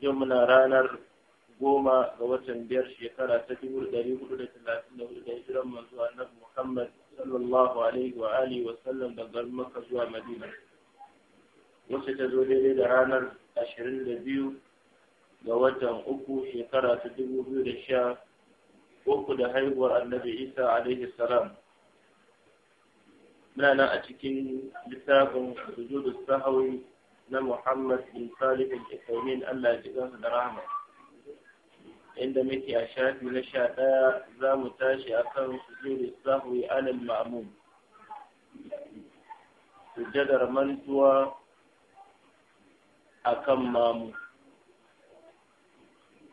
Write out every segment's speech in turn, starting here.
yau muna ranar goma ga watan biyar shekara ta dubu ɗari hudu da talatin da hudu da hijiran manzo annabi Muhammad sallallahu alaihi wa alihi wa sallam daga Makka zuwa Madina wacce ta zo daidai da ranar ashirin da biyu ga watan uku shekara ta dubu biyu da sha uku da haihuwar annabi Isa alaihi salam muna nan a cikin littafin sujudu sahawi na Muhammad bin Salih al-Isaimin Allah ya ji kansa da rahama inda muke a shafi na sha ɗaya za mu tashi a kan sujuri sahwi alal ma'mum sujadar mantuwa a kan mamu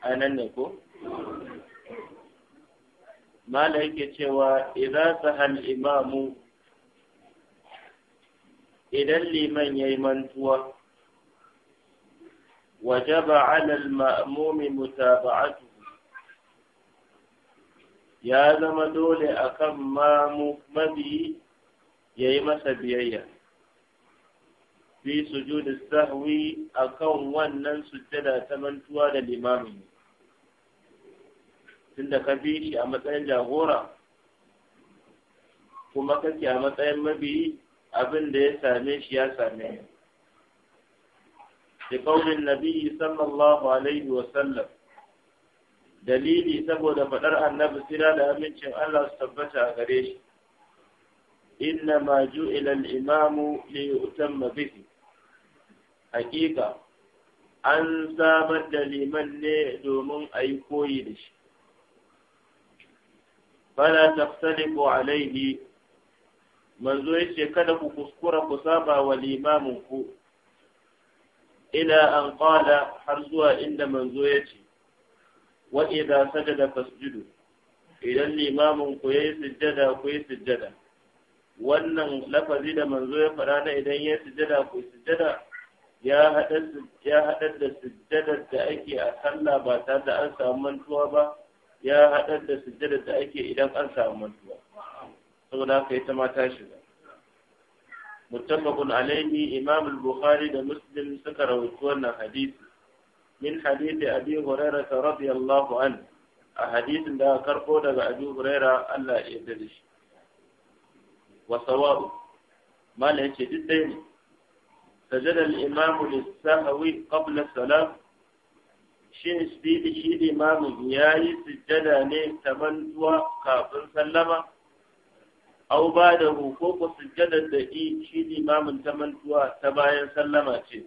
a nan ne ko? mala yake cewa idan sahal imamu idan liman ya yi mantuwa وجب على المأموم متابعته ya zama dole akan kan mabiyi ya yi masa biyayya fi sujudu sahwi a kan wannan sujjada ta mantuwa da limamin tunda ka bi shi a matsayin jagora kuma kake a matsayin mabiyi abin da ya same shi ya same لقول النبي صلى الله عليه وسلم dalili saboda faɗar annabi sira da amincin Allah su tabbata a gare shi inna ma ju'ila al-imamu li yutamma bihi haƙiƙa an samar da liman ne domin a yi koyi da shi fala taftaliqu alayhi manzo yace kada ku kuskura ku saba wa limamin ku ila an qala har zuwa inda manzo ya ce wa idza sajada fasjudu idan limamin ku yayi sujjada ku yi sujjada wannan lafazi da manzo ya fara na idan ya sujjada ku sujjada ya haɗar ya haɗar da sujjadar da ake a sallah ba tare da an samu mantuwa ba ya haɗar da sujjadar da ake idan an samu mantuwa saboda haka ita ma ta shiga muttafaqun alaihi imam al-bukhari da muslim suka rawaito wannan hadisi min hadisi abi hurairah radiyallahu anhu a hadisin da karko daga Abi Huraira Allah ya yarda da shi wa sawa'u mala yace duk sajada al-imam lis shi shi imamu yayi sujjada ne tabantuwa kafin sallama au ba da ko ku da i shi limamin ta mantuwa ta bayan sallama ce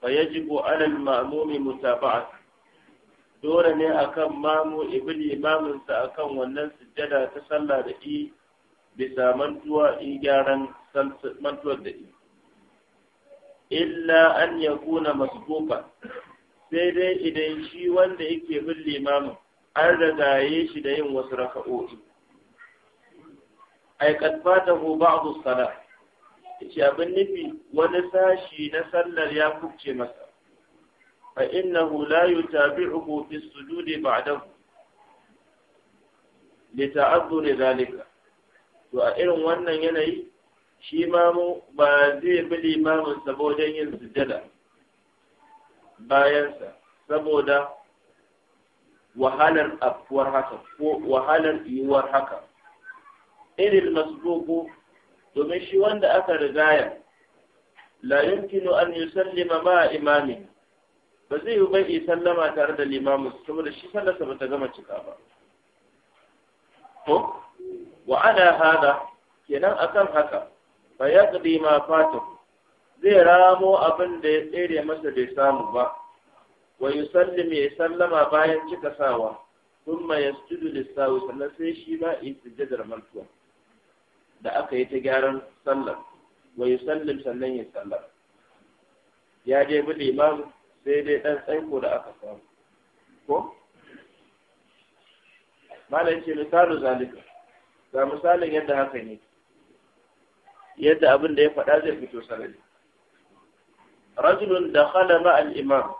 fa yajibu alal ma'mumi mutaba'a dole ne akan mamu ibn limamin sa akan wannan sujjada ta sallah da i bisa mantuwa i gyaran mantuwar da i illa an yakuna masbuka sai dai idan shi wanda yake bin limamin an ragaye shi da yin wasu raka'o'i ai kad a ba'd as-salah yace abin nufi wani sashi na sallar ya kubce masa fa ta bi yutabi'uhu fi as-sujudi ba'dahu li ta'azzuri zalika to a irin wannan yanayi shi mamu ba zai bi limamin saboda yin sujada bayansa saboda wahalar afuwar haka ko wahalar yiwuwar haka idil masbuqu domin shi wanda aka rigaya la yumkinu an yusallima ma imami ba zai yi bai sallama tare da limamu saboda shi sallarsa ba ta gama cika ba ko wa ana hada kenan akan haka fa yaqdi ma fatu zai ramo abin da ya tsere masa bai samu ba wa yusallim ya sallama bayan cika sawa thumma yasjudu lis-sawi sannan sai shi ba yi sujjadar mantuwa da aka yi ta gyaran sallar wa sallin sannan ya sallar ya je bi limam sai dai dan tsaiko da aka samu ko malam ce misalu zalika ga misalin yadda haka ne yadda abin da ya faɗa zai fito sarari rajulun da khala ma al-imam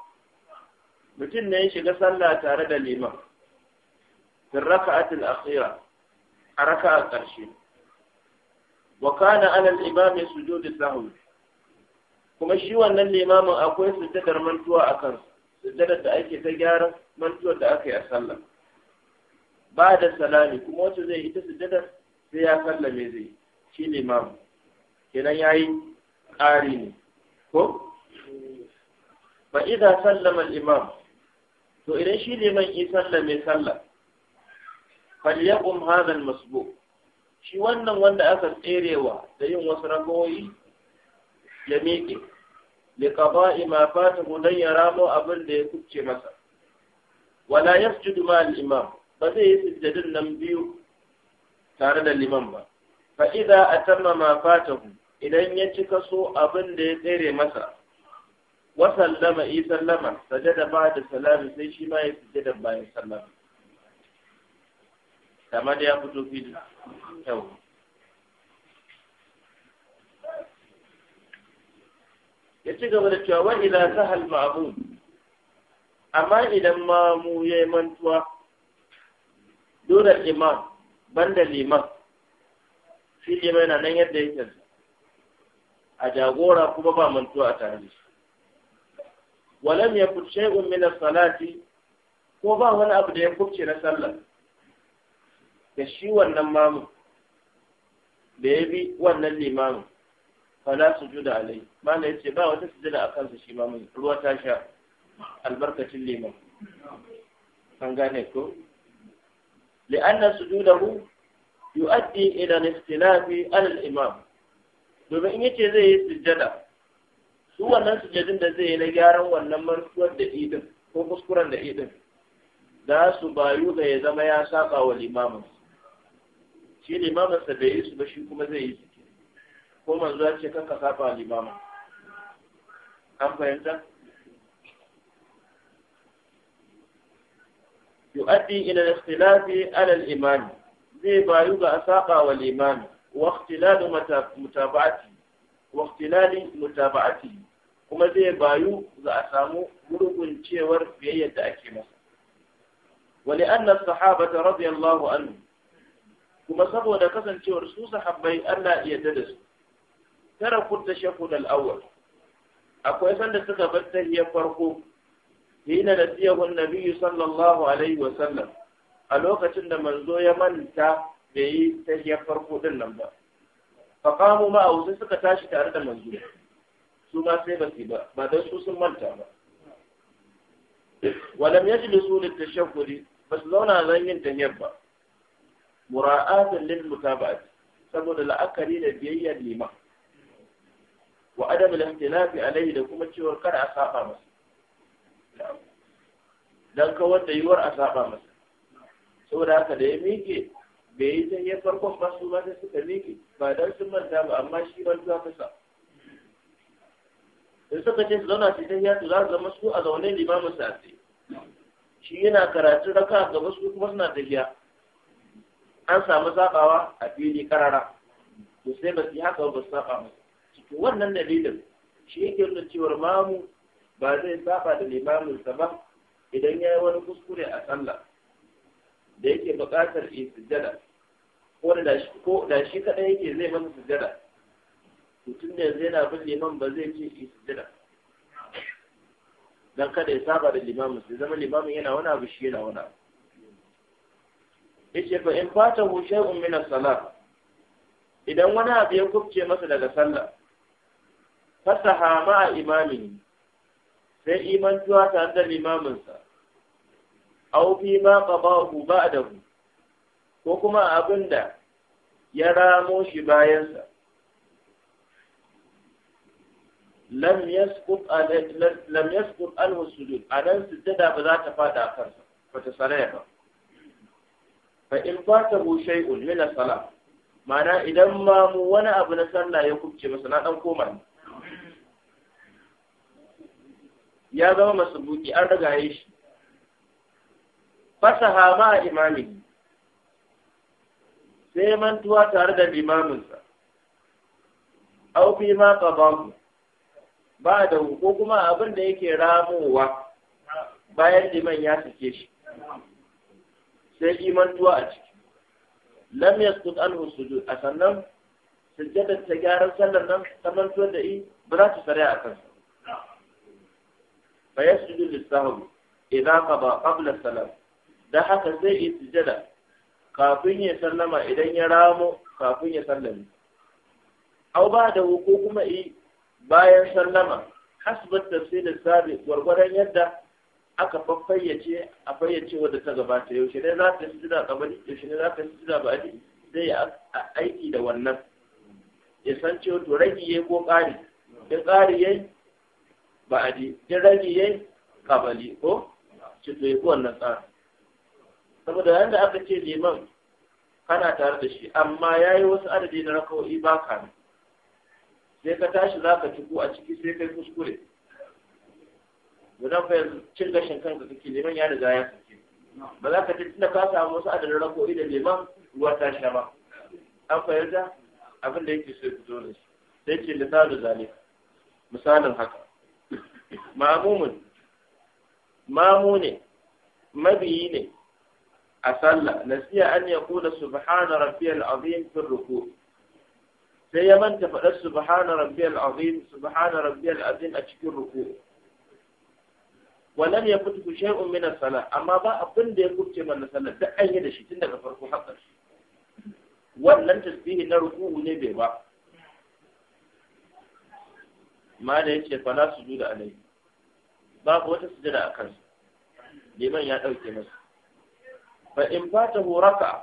mutum ne ya shiga sallah tare da liman fi raka'atil akhira a raka'a ƙarshe wa kana ala al-imami kuma shi wannan limamin akwai sujjadar mantuwa a akan sujjadar da ake ta gyaran mantuwar da aka yi a sallah ba da salami kuma wacce zai ita sujjadar sai ya sallame zai shi limamin kenan yayi ƙari ne ko fa idan sallama al-imam to idan shi liman yi sallame sallah falyaqum hadha al-masbu' shi wannan wanda aka tserewa da yin wasu ragoyi ya miƙe liƙaba ima fata don ya ramo abin da ya kuce masa wala ya sujudu ma al'imam ba zai yi sujjadin nan biyu tare da liman ba fa a atamma ma fatahu idan ya cika so abin da ya tsere masa wa sallama i sallama sajada ba da salami sai shi ma ya sujjada bayan sallama dama ya fito fili ya ci gaba da cewa wani ila sahal ma'amun amma idan ma mu ya yi mantuwa dole ban banda liman shi liman yana nan yadda yake a jagora kuma ba mantuwa a tare da shi walam ya shay'un min salati ko ba wani abu da ya kubce na sallah da shi wannan mamu da ya bi wannan limamin fala su da alai mana ya ce ba wata su jira a kansa shi mamun ruwa ta sha albarkacin liman an gane ko li'anna sujudahu yu'addi idan istilafi alal imam domin in yace zai yi sujjada su wannan sujjadin da zai yi na gyaran wannan martuwar da idin ko kuskuren da idin za su bayu ga ya zama ya saba wa limamin shi limamin sa bai yi su ba shi kuma zai yi su ko manzo ya ce kanka saba limamin an fahimta yu'addi ila ikhtilafi ala al-imam zai bayu ga asaba wal imam wa ikhtilalu mutaba'ati wa ikhtilali mutaba'ati kuma zai bayu za a samu gurguncewar biyayyar da ake masa ولأن الصحابة رضي الله عنهم kuma saboda kasancewar su sahabbai Allah ya yarda da su tara kun shafu dal awwal akwai sanda suka bar tahiyar farko hina da tiyahun nabiyyu sallallahu alaihi wa sallam a lokacin da manzo ya manta bai yi tahiyar farko din nan ba fa qamu ma au suka tashi tare da manzo su ma sai ba ba ba dan su sun manta ba walam yajlisu lit tashahhud bas zauna zan yin tahiyar ba mura'atan lil mutaba'at saboda la'akari da biyayyar liman wa adam al-ihtilafi alayhi da kuma cewar kada a saba masa dan ka wanda yiwuwar a saba masa saboda haka da ya miƙe bai yi zan ya farkon ba su ba sai suka miƙe ba dan sun manta ba amma shi ban zuwa kasa in suka ce su zauna su ta hiyatu za su zama su a zaune limamin sa shi yana karatu raka ga su kuma suna tafiya an samu sabawa a fili karara to sai ba su haka ba su saba mu cikin wannan dalilin shi yake nuna cewa mamu ba zai saba da limaminsa ba idan ya yi wani kuskure a sallah da yake buƙatar yi sujjada ko da shi ko da shi kadai yake zai masa sujjada to tun da yanzu yana bin liman ba zai ce yi sujjada dan kada ya saba da limamin sai zama limamin yana wani abu shi yana wani abu yace fa in hu shay'un min as-salat idan wani abu ya kubce masa daga sallah fasaha ma imamin sai imantuwa ta da limaminsa aw fi ma qabahu ba'dahu ko kuma abinda ya ramo shi bayansa lam yasqut lam yasqut alhu sujud anan sujada ba za ta fada kansa ba ta saraya ba fa in fatahu shay'un min as-salah idan ma mu wani abu na sallah ya kubce masa na dan koma ya zama masubuki an riga yi shi fasaha ma imami sai mantuwa tare da limaminsa au fi ma qabahu ba da ko kuma abin da yake ramowa bayan liman ya sake shi sai imantuwa a ciki lam yasqut anhu sujud a sannan sujjada ta gyaran sallar nan ta tuwa da i ba za ta sarya a kansa fa yasjudu lisahwi idza qada qabla salam Da haka zai yi sujjada kafin ya sallama idan ya ramo kafin ya sallame au ba da ko kuma i bayan sallama hasbat tafsir sabi gwargwadon yadda aka fayyace a fayyace wadda ta gabata yaushe ne za ta yi a kabari yaushe ne za ta yi ba ba'adi zai aiki da wannan ya san cewa to ragi yayi ko ƙari in ƙari yayi ba'adi in ragi yai kabali ko ce to yi wannan tsara. saboda yadda aka ce liman kana tare da shi amma ya yi wasu adadi na rakawai ba ka sai ka tashi za ka tuku a ciki sai kai kuskure da zan fahimci cin gashin kanka kake liman ya riga ya kake ba za ka ce tunda ka samu wasu adadin rako'i da liman ruwa ta sha ba an fahimta abin da yake so fito da shi sai ce misalin zalika misalin haka ma'amumin mamu ne mabiyi ne a sallah nasiya an ya kula subhana rabbiyal azim fi ruku sai ya manta faɗar subhana rabbiyal azim subhana rabbiyal azim a cikin ruku wannan ya fito shay'un min as amma ba abin da ya kuce mana sallar da an yi da shi tun daga farko har ƙarshe wannan tasbihi na ruku'u ne bai ba ma da yace fala sujuda alai babu wata sujada a kansu. liman ya ɗauke masa fa in ta raka'a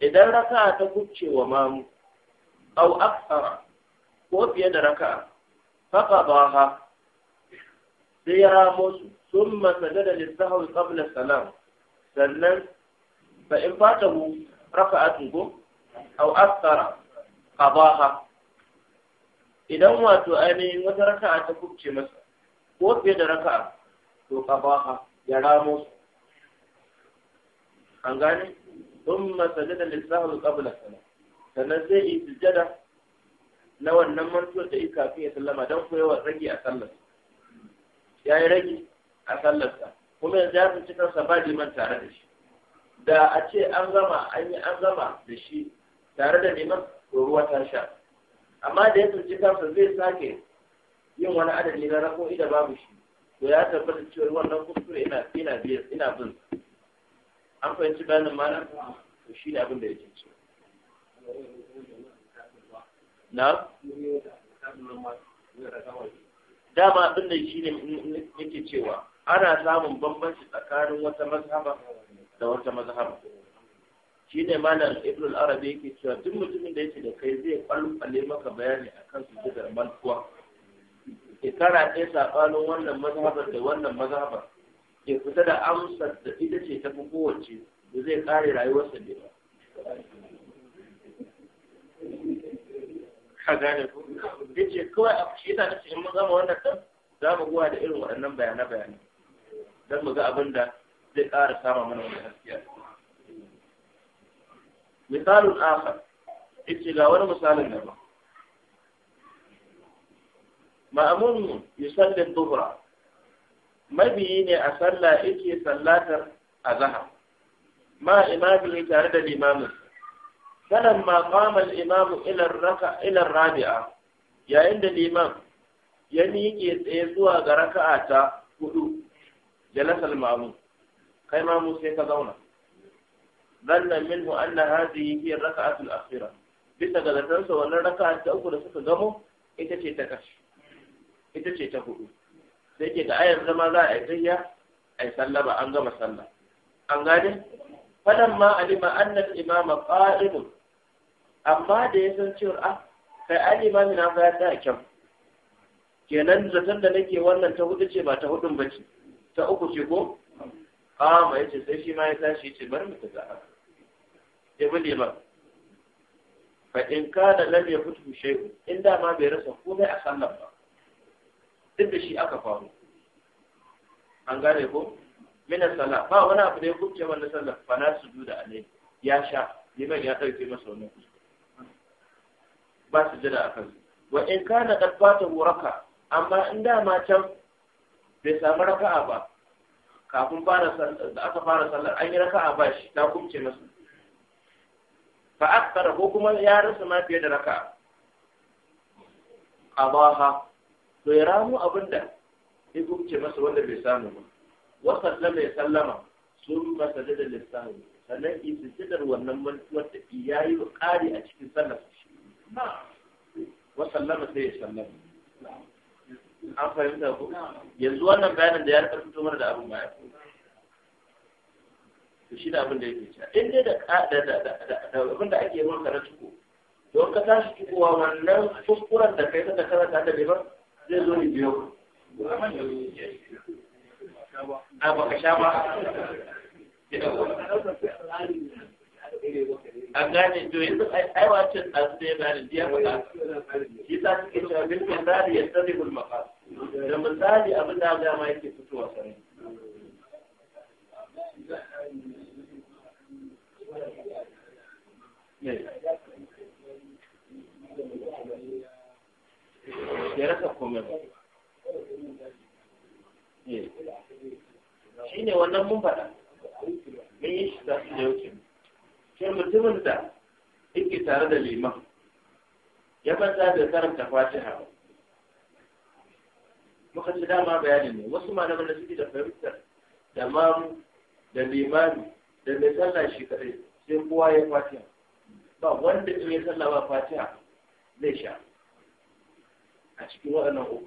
idan raka'a ta kubce wa mamu aw akthara ko fiye da raka faqa baha sai ya ramo su sun masada da lissahawi qabla salam sannan fa in fata hu a ko aw akthara qadaha idan wato ainihin wata raka a ta kubce masa ko fiye da raka a to qadaha ya ramo su an gane sun masada da lissahawi qabla salam sannan sai yi sujada na wannan mantuwa da yi kafin ya sallama don koyawar rage a sallarsa ya yi rage a sallarsa kuma yanzu ya tsinci kansa ba liman tare da shi da a ce an gama an yi an gama da shi tare da liman ruwa ta sha amma da ya tsinci kansa zai sake yin wani adadi na rako da babu shi to ya tabbata cewa wannan kuskure ina ina ina bin an fahimci bayanin mana to shi ne abin da yake ce na dama abin da shi ne nake cewa ana samun bambanci tsakanin wata mazhaba da wata mazhaba shi ne malam ibn al-arabi yake cewa duk mutumin da yake da kai zai kwalkwale maka bayani akan da mantuwa ke kana ɗaya saɓanin wannan mazhaba da wannan mazhaba ke fita da amsar da ita ce ta fi kowace da zai kare rayuwarsa ne ka gane ko ya ce kawai a shi yana nufi in mun zama wannan kan za mu gowa da irin waɗannan bayanai bayanai don mu ga abin da zai ƙara sama mana wani gaskiya misalin akhar ita ga wani misalin da ba ma'amun yusallin duhra mabiyi ne a sallah yake sallatar zahar. ma ne tare da limamin sanan ma qama al-imam ila raka ila rabi'a yayin da liman ya miƙe tsaye zuwa ga raka'a ta hudu jalasa al-ma'mum kai ma mu sai ka zauna dhanna minhu anna hadhihi hiya ar-raka'atu al-akhirah bisa ga zatansa wannan raka'a ta uku da suka gamo ita ce ta kashi ita ce ta hudu sai ke ga ayar zama za a yi tayya a yi sallama an gama sallah an gane fadan ma alima annal imama qa'imun amma da ya san cewa a ah, kai ali ma mina fa ya tsaya kyau kenan zaton da nake wannan ta hudu ce ba ta hudun ba ce ta uku ce ko kama ya ce sai shi ma ya tashi ya ce bari mu za a ya bude ba fa in da lam yafutu shay'un in da ma bai rasa komai a sallar ba duk da shi aka faru an gane ko mina sallah ba wani abu da ya kubce wannan sallah fa na sujuda alai ya sha liman ya ɗauke masa wannan ba su jira a kansu wa in kana qad fata raka amma in da ma can bai samu raka'a ba kafin fara da aka fara sallar an yi raka'a ba shi ta kumce masa fa akthara ko kuma ya rasa ma fiye da raka'a qabaha to ya ramu abinda ya kumce masa wanda bai samu ba wa sallama ya sallama sun masa da lissahi sannan isijidar wannan mantuwar da iyayi ƙari a cikin sallar shi wa sallama sai ya sallama an fahimta ko yanzu wannan bayanin da ya rika fito mana da abin baya to shi da abin da yake cewa in dai da abin da ake yawan karatu ko don ka tashi cikowa wannan kuskuren da kai ka karanta da bai ba zai zo ne biyo a baka sha ba an gane to yanzu ai wacin ɗan sai ya gane biya faɗa shi ta suke cewa bin misali ya tsare bul da misali abin da ga ma yake fitowa sarai ya rasa komai ba shi ne wannan mun faɗa karanta fatiha muka ci dama bayani ne wasu malaman da suke da fahimtar da mamu da limami da mai sallah shi kadai sai kowa ya fatiha ba wanda in ya sallah ba fatiha zai sha a cikin waɗannan uku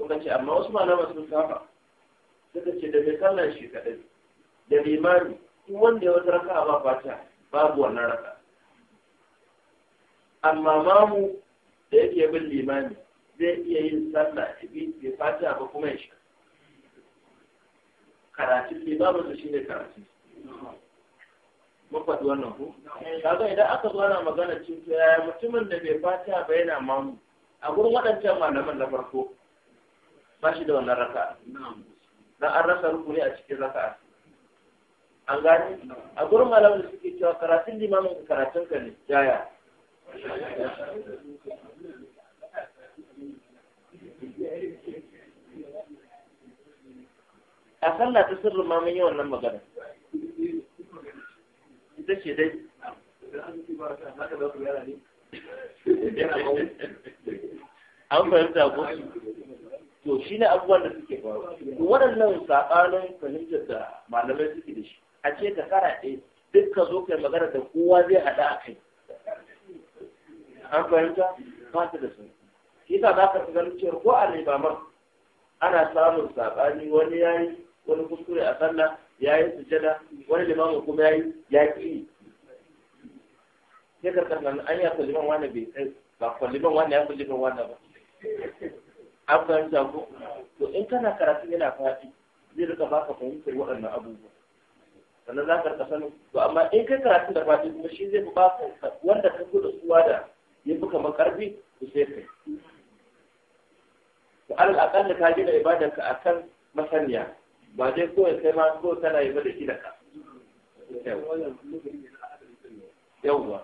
muka ce amma wasu malaman sun saba suka ce da mai sallah shi kadai da limami duk wanda ya wata raka ba fatiha babu wannan raka amma mamu zai iya bin limami zai iya yin sallah ibi bai fata ba kuma ya shiga karatun limamin su shi karatun mun faɗi wannan ko kaga idan aka zo ana magana cikin yaya mutumin da bai fata ba yana mamu a gurin waɗancan malaman na farko ba shi da wannan raka na an rasa rukuni a cikin raka an gani. a gurin malaman da suke cewa karatun limamin karatun ka ne jaya a sallah ta sirrin ma mun yi wannan magana ita ce dai an fahimta ko to shi ne abubuwan da suke faru waɗannan saɓanin fahimtar da malamai suke da shi a ce ka kara ɗaya duk ka zo kai magana da kowa zai haɗa a kai an fahimta ba ta da sun shi za ka ganin cewa ko a ba ana samun saɓani wani yayi wani kuskure a sallah ya yi sujada wani limamin kuma ya yi ya ki sai karkar nan an ya kulliman wani bai kai ba kulliman wani ya kulliman wani ba an fahimta ko to in kana karatu yana fati zai rika baka fahimtar waɗannan abubuwa sannan za ka rika sanin to amma in kai karatu da fati kuma shi zai baka wanda ka gudu suwa da ya fi kamar ƙarfi to sai kai to alal aƙalla ka gina ibadarka akan masaniya ba dai kowai kai ma ko tana yi da shi da ka yawwa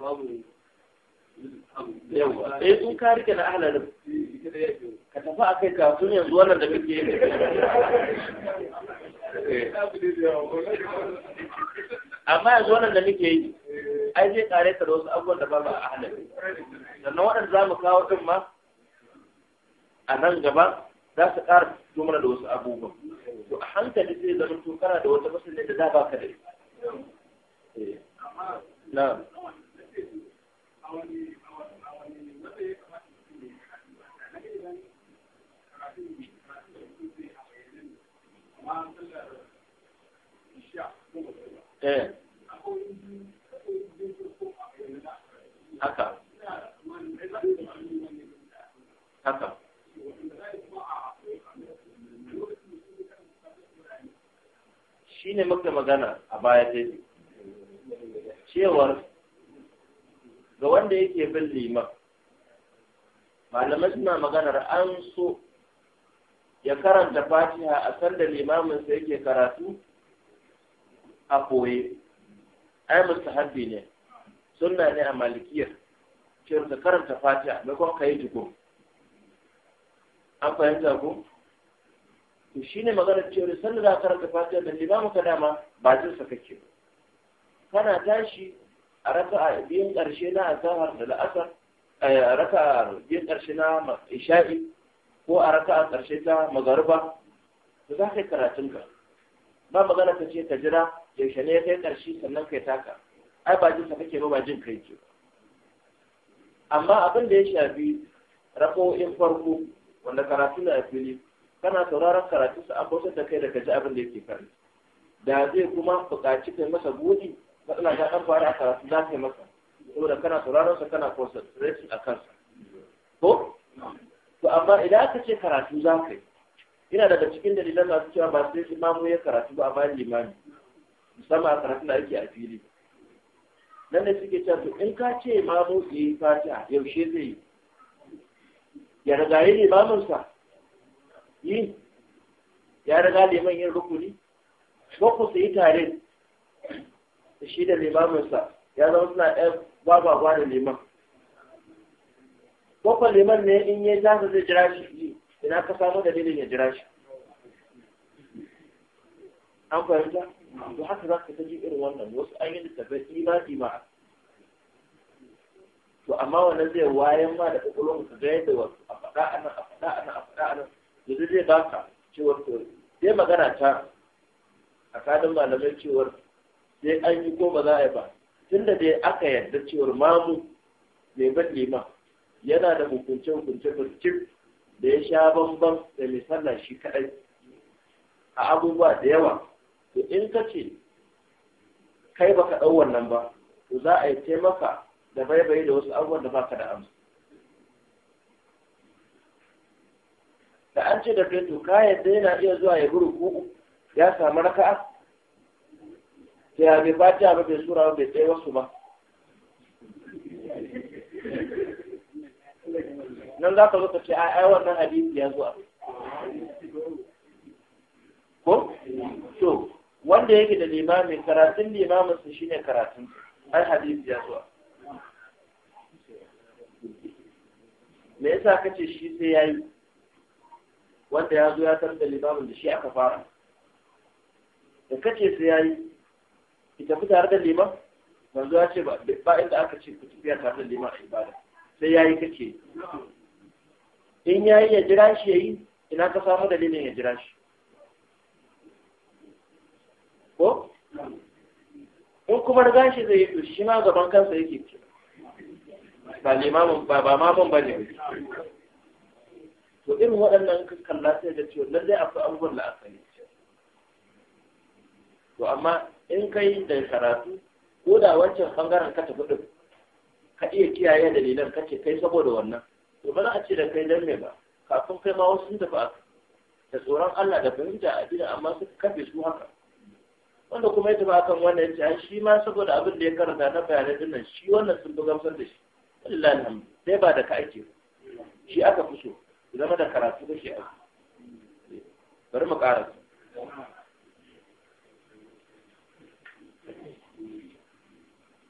yawwa eh in ka rike na ahlalin ka tafi a kai kafin yanzu wannan da kake yi amma yanzu wannan da muke yi ai zai kare ka da wasu abubuwan da ba ba a ahlalin sannan waɗanda za mu kawo ɗin ma a nan gaba za su ƙara fito mana da wasu abubuwan to a hankali zai zama to kana da wata masalli da za ba ka da ita na Eh. Haka. Haka. shi ne muka magana a baya daidai cewar ga wanda yake bin liman malamai suna maganar an so ya karanta fatiha a sanda limaminsa yake karatu a koye ai mustahabbi ne sunna ne a malikiyar cewar ka karanta fatiha maimakon ka yi tukun an fahimta ku to ne maganar cewa sanda za ka raka fatiha da mu ka dama ba jin sa kake ba kana tashi a a biyun ƙarshe na azhar da la'asar a a biyun ƙarshe na isha'i ko a a ƙarshe ta magariba to za ka yi karatun ka ba magana ka ce ka jira yaushe ne kai ƙarshe sannan kai taka ai ba jin sa kake ba ba jin kai ke amma abin da ya shafi rako'in farko wanda karatu na a fili kana sauraron karatun sa akwai da kai daga ji abin da yake faɗi da zai kuma buƙaci kai masa gudi matsala ta ɗan fara a karatu za ka yi masa saboda kana sauraron sa kana concentrating a kansa ko to amma idan aka ce karatu za ka yi ina daga cikin dalilan masu cewa ba sai imamu ya karatu ba a bayan limami musamman a karatun da ake a fili nan da suke cewa to in ka ce imamu ya eh, yi fatiha yaushe zai yi ya ne limaminsa yi ya riga liman yin rukuni ko ku su yi tare da shi da limaminsa ya zama suna ɗaya babagwa da liman ko liman ne in ya zasa zai jira shi ina ka samu dalilin ya jira shi an fahimta to haka za ka ji irin wannan wasu an yi littafai ima ima to amma wannan zai wayan ma da ƙwaƙwalwar ka ga yadda wasu a faɗa a nan a faɗa a nan a faɗa a nan yanzu zai baka cewar sai magana ta a tsakanin malamai cewar sai an yi ko ba za a yi ba tun da dai aka yarda cewar mamu mai ban ma yana da hukunce hukunce burkin da ya sha bambam da mai shi kaɗai a abubuwa da yawa to in ka ce kai baka ɗau wannan ba to za a yi taimaka da baibaye da wasu abubuwan da baka da amsa da an ce da kai to ka yadda yana iya zuwa ya ku ya samu raka'a Ta ya bai fatiha ba bai sura ba bai tsaye wasu ba nan za ka zo ka ce a ai wannan hadisi ya zuwa ko to wanda yake da limamin karatun limamin su shine karatun ai hadisi ya zuwa me yasa kace shi sai yayi wanda ya zo ya san da limamin da shi aka fara da kace sai yayi ki tafi tare da liman manzo ya ce ba inda aka ce ku tafiya tare da liman a ibada sai yayi kace in yayi ya jira shi yayi ina ka samu dalilin ya jira shi ko in kuma riga shi zai yi shi ma gaban kansa yake ba limamin ba ba mamun bane to irin waɗannan ka kalla sai da cewa lallai akwai abubuwan da aka yi to amma in ka yi da karatu ko da wancan bangaren ka tafi ɗin ka iya kiyaye dalilan ka ce kai saboda wannan to ba za a ce da kai dan me ba kafin kai ma wasu sun tafi aka da tsoron Allah da fahimta a gida amma suka kafe su haka wanda kuma ya tafi akan wannan ya shi ma saboda abin da ya karanta na bayanai din nan shi wannan sun fi gamsar da shi wallahi alhamdu sai ba da ka ake shi aka fi so zama da karatu da ke aiki bari mu ƙara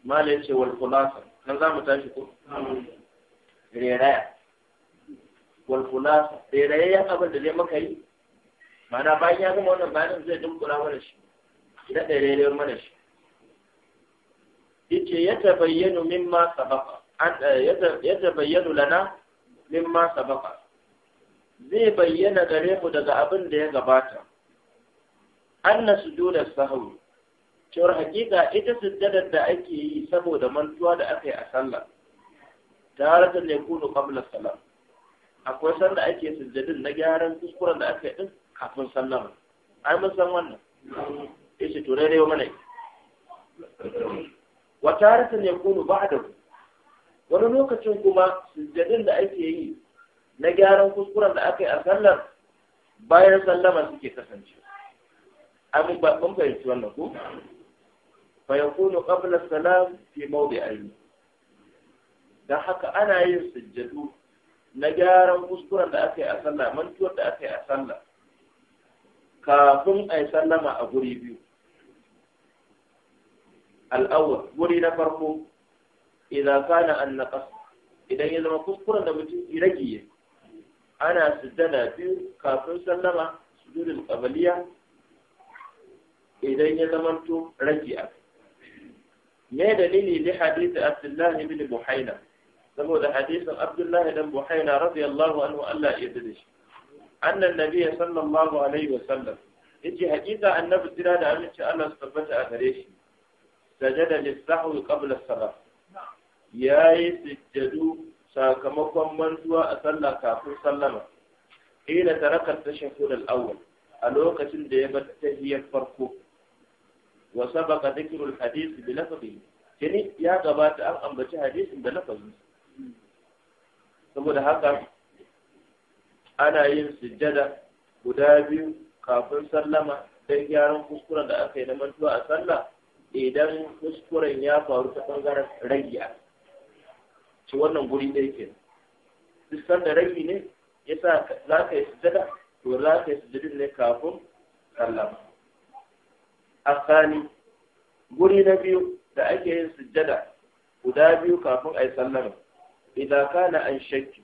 malai ce wal kulasa nan za mu tashi ko reraya wal kulasa reraya ya abin da zai maka yi mana bayan ya gama wannan bayan zai dunkula mana shi da ɗarerayar mana shi yace ya tabayyanu mimma an eh, ya tabayyanu lana mimma sabaka zai bayyana gare mu daga abin da ya gabata anna sujudar sahwi cewar hakika ita sujjadar da ake yi saboda mantuwa da aka yi a sallah tare da ne kunu qabla salam akwai sanda ake sujjadin na gyaran kuskuren da aka yi din kafin sallah ai mun san wannan yace to dai dai mana wa tare da ne kunu ba'da wani lokacin kuma sujjadin da ake yi na gyaran kuskuren da aka yi a sallar bayan sallama suke kasance abu ba mun fahimci wannan ko fa yakunu qabla salam fi mawdi'ayn Da haka ana yin sujjadu na gyaran kuskuren da aka yi a sallah mantuwar da aka yi a sallah kafin a yi sallama a guri biyu al'awwal guri na farko idan kana an idan ya zama kuskuren da mutum rage ana sujjada biyu kafin sallama sujudul qabaliya idan ya zamanto raki a me dalili da hadisi Abdullah ibn Buhaina saboda hadisin Abdullah ibn Buhaina radiyallahu anhu Allah ya yarda shi annan nabiyyi sallallahu alaihi wa sallam yace hakika annabi jira da aminci Allah su tabbata a gare shi sajada lis-sahwi qabla as-salat yayi sujjadu sakamakon mantuwa a sallah kafin sallama ina tarakar ta shakul al a lokacin da ya bar tahiyyar farko wa sabaka dhikru al bi lafzi kini ya gabata an ambaci hadisin da lafzi saboda haka ana yin sujjada guda biyu kafin sallama dan gyaran kuskuren da aka yi na mantuwa a sallah idan kuskuren ya faru ta bangaren rage su wannan guri ɗaya ke duk sanda rabi ne ya sa za ka yi sujada to za ka yi sujadin ne kafin sallama asali guri na biyu da ake yin sujada guda biyu kafin a yi sallama idan na an shakki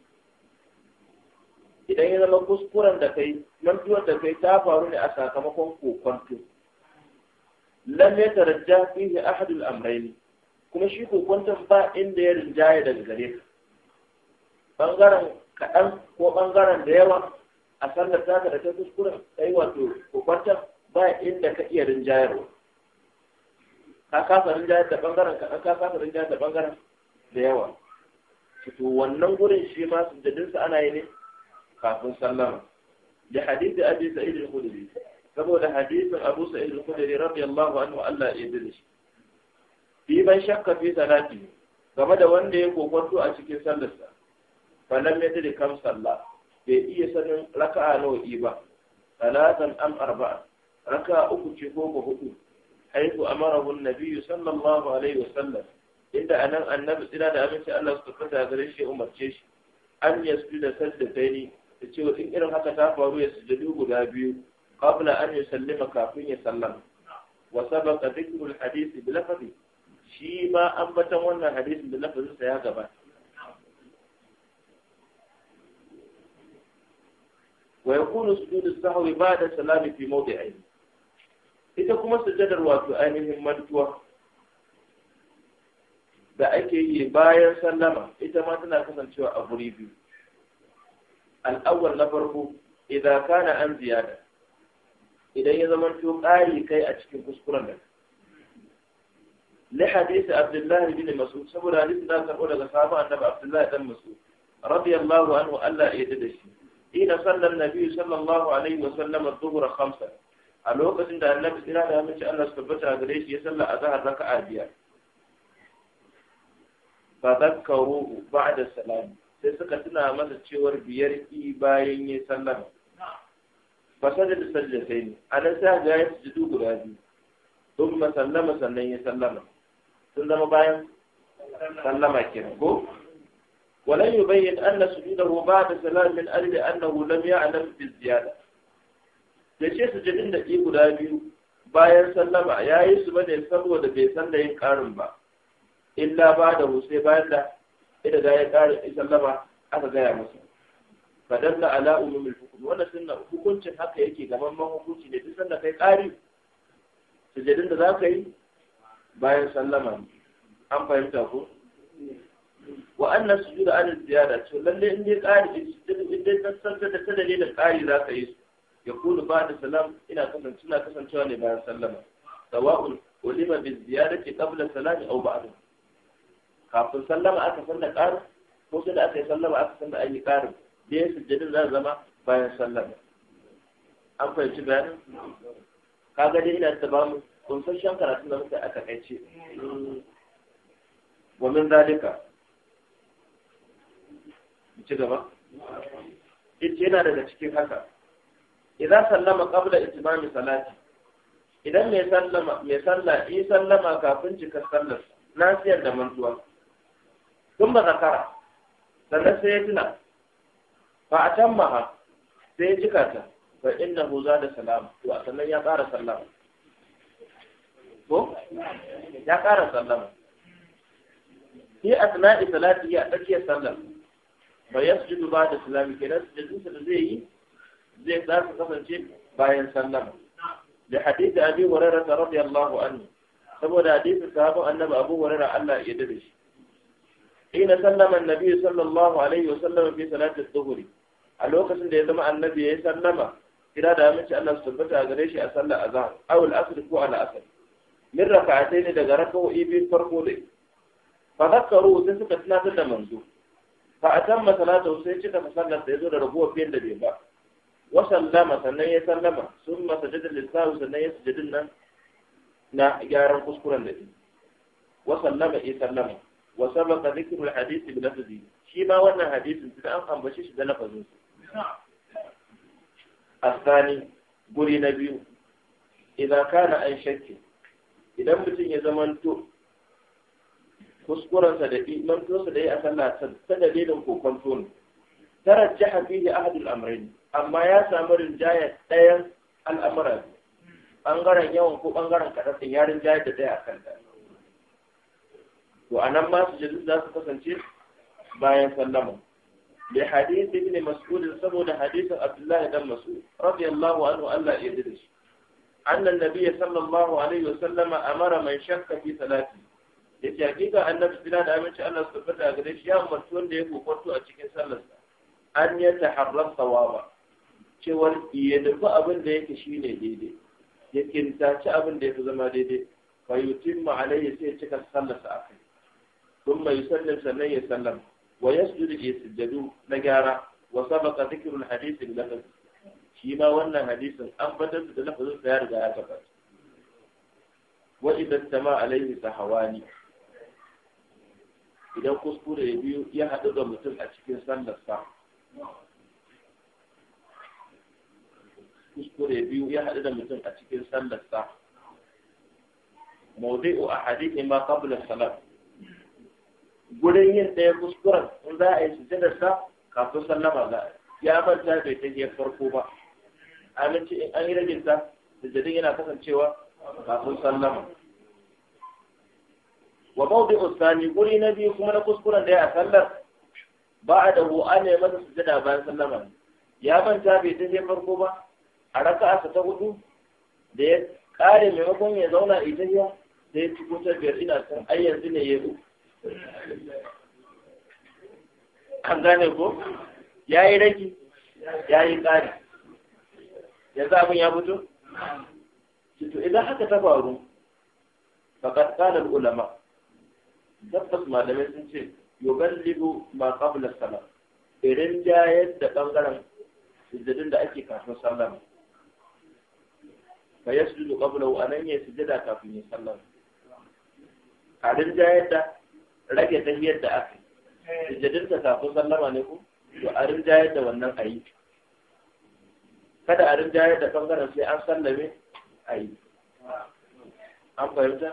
idan ya zama kuskuren da kai mantuwar da kai ta faru ne a sakamakon kokonto lam yatarajja fihi ahadul amrayni kuma shi kokwanton ba inda ya rinjaye daga gare ka bangaren kaɗan ko bangaren da yawa a sallar taka da ta kuskuren kai wato kokwanton ba inda ka iya rinjayarwa ka kasa rinjayar da bangaren kaɗan ka kasa rinjayar da bangaren da yawa to wannan gurin shi ma sujjadinsa ana yi ne kafin sallama da hadisi abi sa'id al-khudri saboda hadisin abu sa'id al-khudri radiyallahu anhu Allah ya yi shi fi ban shakka fi salati game da wanda ya kokwanto a cikin sallarsa fa lam yadri kam salla bai iya sanin raka'a nawa ba salatan am arba'a raka'a uku ce ko ba hudu haifu amarahu nabiyyu sallallahu alaihi wasallam inda anan annabi tsira da aminci Allah su tabbata gare shi umarce shi an ya sajdataini da cewa in irin haka ta faru ya sujudu guda biyu qabla an yusallima kafin ya sallama wa sabaqa dhikru al-hadith bi lafzi shi ba ambatan wannan hadisin da lafazinsa ya gabata wa yakunu sujudu sahwi ba'da salami fi mawdi'i ita kuma sujadar wato ainihin mantuwa da ake yi bayan sallama ita ma tana kasancewa a guri biyu al-awwal na farko idan kana an ziyada idan ya zama to ƙari kai a cikin kuskuren da li hadisi abdullahi bin mas'ud saboda hadisi da karbo daga sahabu annabi abdullahi dan mas'ud radiyallahu anhu Allah ya yarda da shi ina sallan nabi sallallahu alaihi wa sallam adh-dhuhra khamsa a lokacin da annabi tsira da mace Allah su tabbata gare shi ya salla azhar raka'a biyar fa zakkaru ba'da salam sai suka tuna masa cewar biyar i bayan ya sallama da a guda biyu masallama sannan ya sallama sun zama bayan sallama ke ko ba da salamin سجوده بعد سلام lam ya'lam أنه ziyada يعلم ce su jin da ke guda biyu bayan sallama ya yi su bane saboda bai san da yin karin ba illa ba da sai bayan da ita da ya karin sallama aka gaya masa fadan da ala umumul hukum wanda sunna hukuncin haka yake gaban man hukunci ne duk sanda kai kari sujudin da za ka yi bayan sallama ne an fahimta ko wa anna sujuda an ziyada to lalle in dai ƙari in dai tasanta da ta dalilin ƙari za ka yi su ya kulu ba da salam ina kasan suna kasancewa ne bayan sallama sawa'un ulima bi ziyadati qabla salati aw ba'da kafin sallama aka san da ƙarin ko sai da aka yi sallama aka san da an yi ƙarin da ya za zama bayan sallama an fahimci bayanin ka ga dai ina ta ba mu kun san shan karatun da muka aka kai ce mm. wa zalika ci gaba ita yana daga cikin haka idan sallama qabla itimami salati idan mai sallama mai salla yi sallama kafin cikar sallar nasiyar da mantuwa kun ba zakara sannan sai ya tuna fa a can maha sai ya cika ta fa innahu zada salama to a sannan ya tsara sallama ko ya ƙara sallama fi asna'i salati ya dake sallar ba ya sujudu ba da salami kenan sujudinsa da zai yi zai za su kasance bayan sallama da hadisi abi hurairah radiyallahu anhu saboda hadisi sahabban annabi abu hurairah Allah ya yarda shi ina sallama annabi sallallahu alaihi عليه fi في صلاة الظهر a lokacin da ya zama annabi ya yi sallama kira da aminci Allah su tabbata a gare shi a sallar azhar aw al-asr ko al-asr min raka'atai ne daga raka'o'i biyu farko da sai suka tunatar da manzo fa atamma salatu sai cika sallar da yazo da rabuwar biyan da ba wa sallama sannan ya sallama sun masajadin lissahu sannan ya sujadin nan na gyaran kuskuren da wa sallama ya sallama wa sabaka zikrul hadisi bi lafzi shi ma wannan hadisin da an ambace shi da lafazin asani guri na biyu idan na an shakki idan mutum ya zamanto kuskurensa da imantosa da ya a sallah ta dalilin kokonto ne tarajjaha fihi ahadul amma ya samu rinjaya ɗayan al'amura bangaren yawan ko bangaren kaɗan ya rinjaya da ɗaya a kan ɗaya to anan ma su za su kasance bayan sallama bi hadisi ibn mas'ud saboda hadisin abdullahi dan mas'ud radiyallahu anhu Allah ya yarda da shi annan nabi sallallahu alaihi wasallama amara man shakka fi salati yace hakika annabi bila da aminci Allah su fada gare shi ya umarci wanda ya kokonto a cikin sallarsa an ya taharrar sawaba cewar ya dafi abin da yake shine daidai ya kintaci abin da ya fi zama daidai fa ma alaihi sai cika sallarsa akai thumma yusallim sannan ya sallama wa yasjudu ya sujjadu na gyara wa sabaqa dhikrul hadith al-lafzi shi ma wannan hadisin an batar da lafazin sa ya riga ya gabata wa idan sama alaihi sahawani idan kuskure ya biyu ya hadu da mutum a cikin sallar sa kuskure biyu ya haɗu da mutum a cikin sallar sa mawdi'u ahadithi ma qabla salat gurin yin ɗaya kuskuren in za a yi sujjadar sa kafin sallama za a ya manta bai ta farko ba aminci in an yi rabin sa sujjadin yana kasancewa kafin sallama wa mawdi sani guri na biyu kuma na kuskuren da ya sallar ba da an ne masa sujada bayan sallama ya manta bai ta je farko ba a raka'a ta hudu da ya kare maimakon ya zauna italiya Sai ya tuko ta biyar ina san ai yanzu ne ya yi Kan gane ko ya yi rage ya yi kare yanzu abin ya fito Cito, idan haka ta faru ka tsanar ulama tabbas malamai sun ce libu ma qabla sama. irin jayar da ɓangaren sujudin da ake kafin sallama fa yasjudu qablahu anan ya sujada kafin ya sallama a rinjayar da rage tahiyar da aka sujudin ta kafin sallama ne ku to a rinjayar da wannan ayi kada a rinjaye da bangaren sai an sallame a yi an fahimta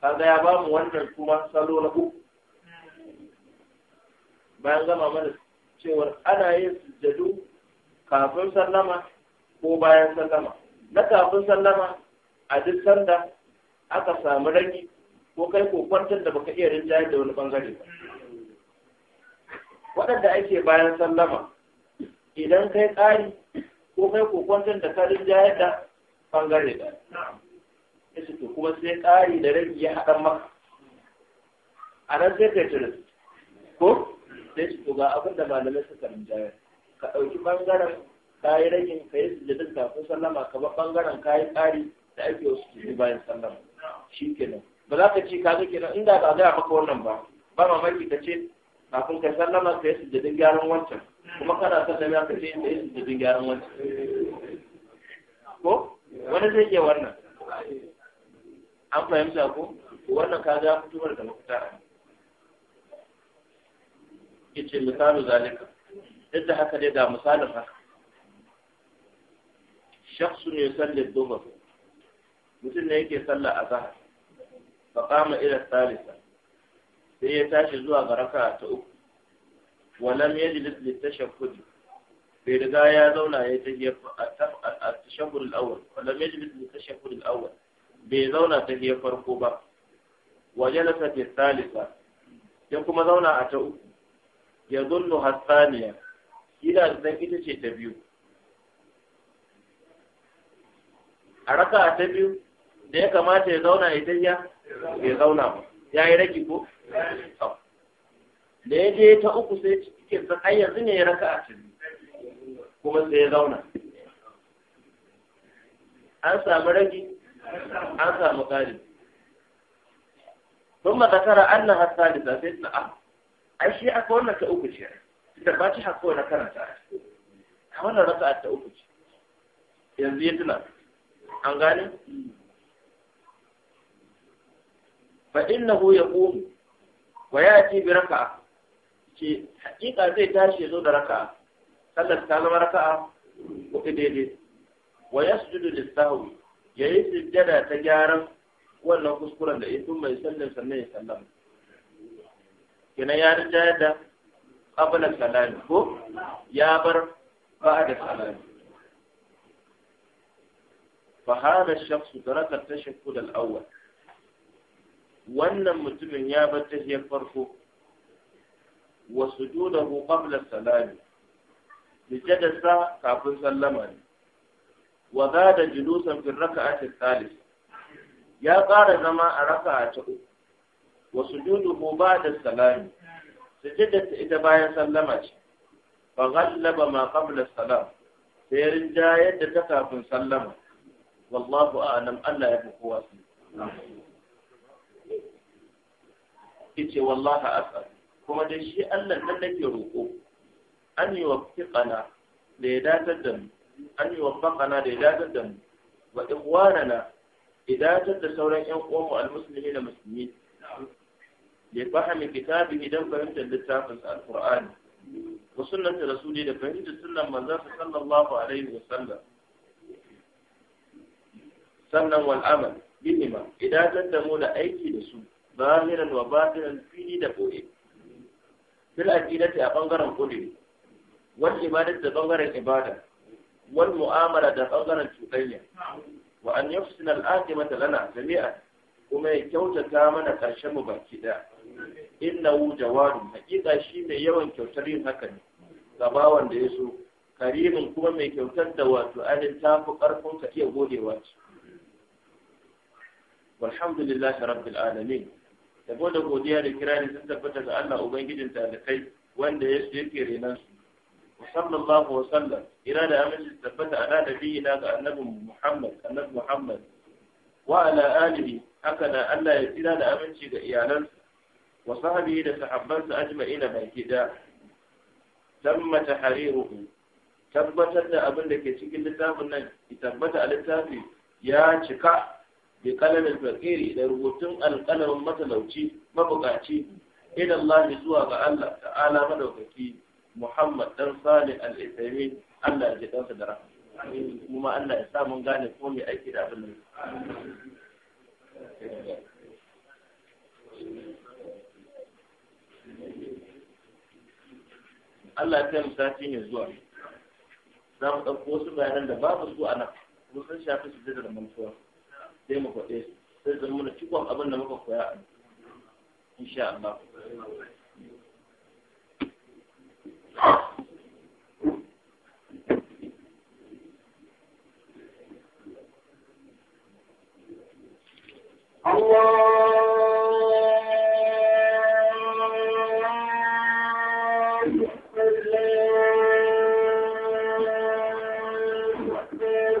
kaga ya bamu wannan kuma salo na uku bayan zama mana cewar ana yin sujjadu kafin sallama ko bayan sallama na kafin sallama a duk sanda aka samu rangi ko kai ko kwantar da baka iya rinjaye da wani bangare ba waɗanda ake bayan sallama idan kai ƙari ko kai kokwantar da ka rinjayar yadda bangare da yasu to kuma sai ƙari da rabi ya haɗa maka a nan sai kai turis ko sai su to ga abin da malamai suka rinjayar ka ɗauki ɓangaren kayi ragin ka yi sujadin kafin sallama ka ba ɓangaren kayi ƙari da ake wasu jini bayan sallama shi kenan ba za ka ce ka ga kenan inda ba gaya maka wannan ba ba mamaki ka ce kafin ka sallama ka yi sujadin gyaran wancan kuma kana son da ya kace inda yake da gyaran wani ko wani zai iya wannan an fahimta ko wannan ka ga fitowar da mafita yace misalu zalika duk da haka dai ga misalin haka ne yusalli dhuhr mutum ne yake sallah a Zahar. fa kama ila Salisa. sai ya tashi zuwa ga raka'a ta uku walam yajlis litashahhud bai riga ya zauna ya tahiya at-tashahhud al-awwal walam yajlis litashahhud al-awwal bai zauna tahiya farko ba wa jalasa fi thalitha ya kuma zauna a ta uku ya zullu hasaniya ila zan ita ce ta biyu a raka ta biyu da ya kamata ya zauna ya tahiya bai zauna ba ya yi raki ko da ya je ta uku sai cikin sa yanzu ne ya raka a kuma sai ya zauna an samu ragi an samu kari sun ma zakara an na hasa da zafi na a ai shi aka wannan ta uku ce da ba ci hako na karanta a wannan raka ta uku ce yanzu ya tuna an gane fa innahu yaqumu wa yati bi raka'a shi hakika zai tashi ya zo da raka? sallar ta zama raka'a kuɗi daidai wa yasjudu lis-sahwi yayi sujjada ta gyaran wannan kuskuren da idan mai sallar sannan ya sallama kina ya rinja da qabla salami ko ya bar ba'da salami fa hada shakhsu daraka tashakkud al-awwal wannan mutumin ya bar tahiyar farko wa sujudahu qabla salami sujjadarsa kafin sallama ne wa zada julusan fi raka'ati thalith ya ƙara zama a raka'a ta uku wa sujuduhu ba'da salami sujjadarsa ita bayan sallama ce fa ghallaba ma qabla salam sai ya rinjayar da ta kafin sallama Allah ya fi kuma da shi Allah nan nake roƙo an yi wa fiƙana da ya datar da mu an yi wa faƙana da ya datar da mu wa ikhwanana ya datar da sauran ƴan uwanmu almuslimi da musulmi da fahimi kitabi idan fahimtar littafin alqur'ani wa sunnati rasuli da fahimtar sunnan manzon sallallahu alaihi wa sallam sannan wal amal bihima idan da mu da aiki da su zahiran wa batinan fili da boye fil aqidati a bangaren kudi wal ibadati da bangaren ibada wal mu'amala da bangaren cuɗanya wa an yufsina al-aqibata lana jami'a. kuma ya kyautata mana ƙarshen mu baki ɗaya innahu jawadun haƙiƙa shi mai yawan kyautar yin haka ne ga da ya so karimin kuma mai kyautar da wato anin tafi ƙarfin ka iya godewa ce walhamdulillahi rabbil alamin yabo da godiya da kirari sun tabbata ga Allah ubangijin talibai wanda ya ke renan su sallallahu wa sallam ira da aminci tabbata ala nabiyina ga annabi Muhammad annabi Muhammad wa ala alihi haka na Allah ya tsira da aminci ga iyalansa wa sahbihi da sahabbansa ajma'ina baki da tamma tahriruhu tabbatar da abin da ke cikin littafin nan ki tabbata a littafi ya cika bi kalamin fakiri da rubutun alkalamin matalauci mabukaci ila Allah zuwa ga Allah ta'ala madaukaki Muhammad dan Salih al-Isaimi Allah ya ji kansa da rahama kuma Allah ya sa mun gane ko me aiki da abin Allah ya kai sati ne zuwa za mu ɗauko wasu bayanan da babu su a nan mun san shafi su da mantuwa sai mu faɗe su sai zama mana cikon abin da muka koya insha Allah الله أكبر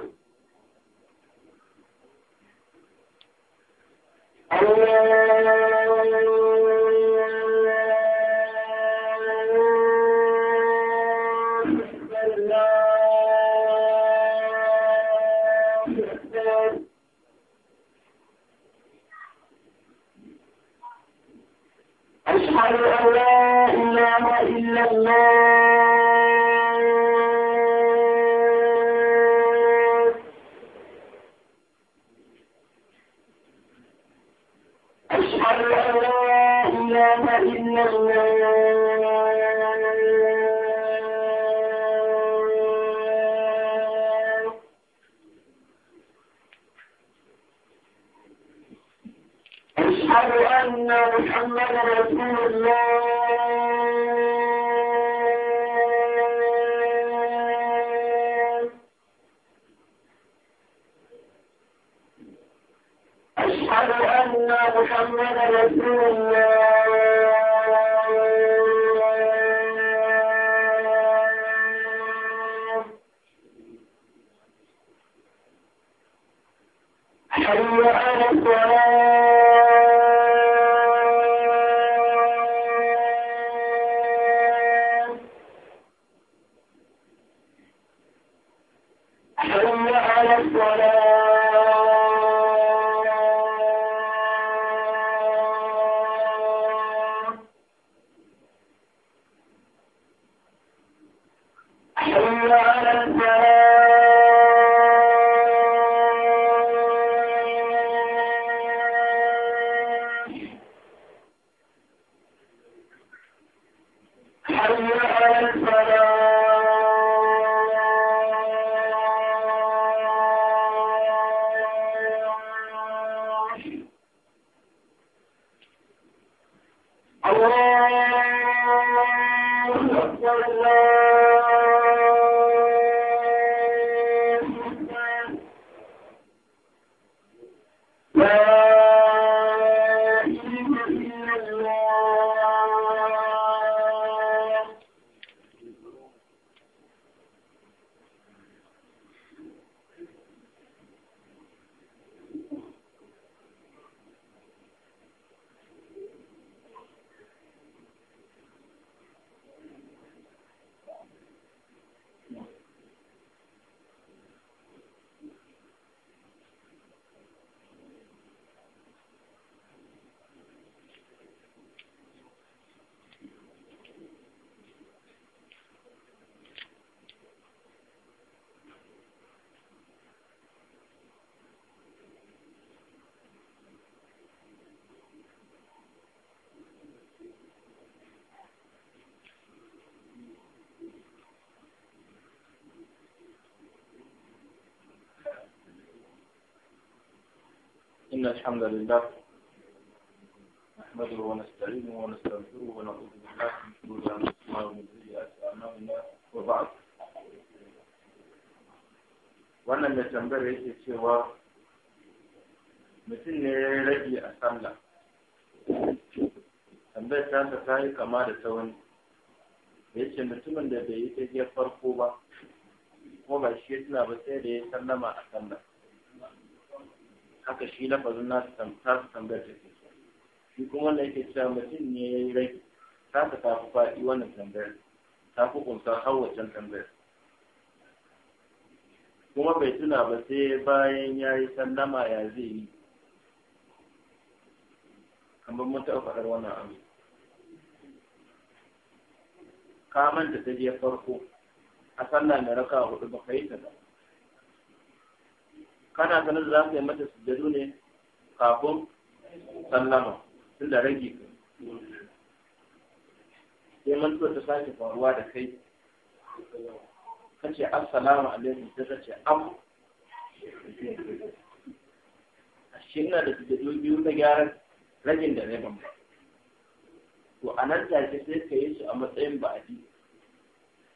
حي على الفلاح wannan mai tambayar yake cewa mutum ne ya yi rage a sallah tambayar ta yi kama da ta wani da yake mutumin da bai yi ta farko ba kuma ba shi ya ba sai da ya sallama a sallah haka shi lafazin nasu tamtar tambayar ke so shi kuma wanda yake cewa mutum ne ya yi rai ta ta tafi faɗi wannan tambayar ta fi kunsa har wancan tambayar kuma bai tuna ba sai bayan ya yi sallama ya zai yi kamar mun taɓa faɗar wannan abu ka manta ta je farko a sallah da raka hudu ba ka yi ta ba kana ganin za ka yi mata sujjadu ne kafin sallama tun da rage ka sai mantuwa ta sake faruwa da kai kace assalamu alaikum sai ka ce am shi ina da sujjadu biyu ta gyaran ragin da rabin ba to a nan zaki sai ka yi su a matsayin ba'adi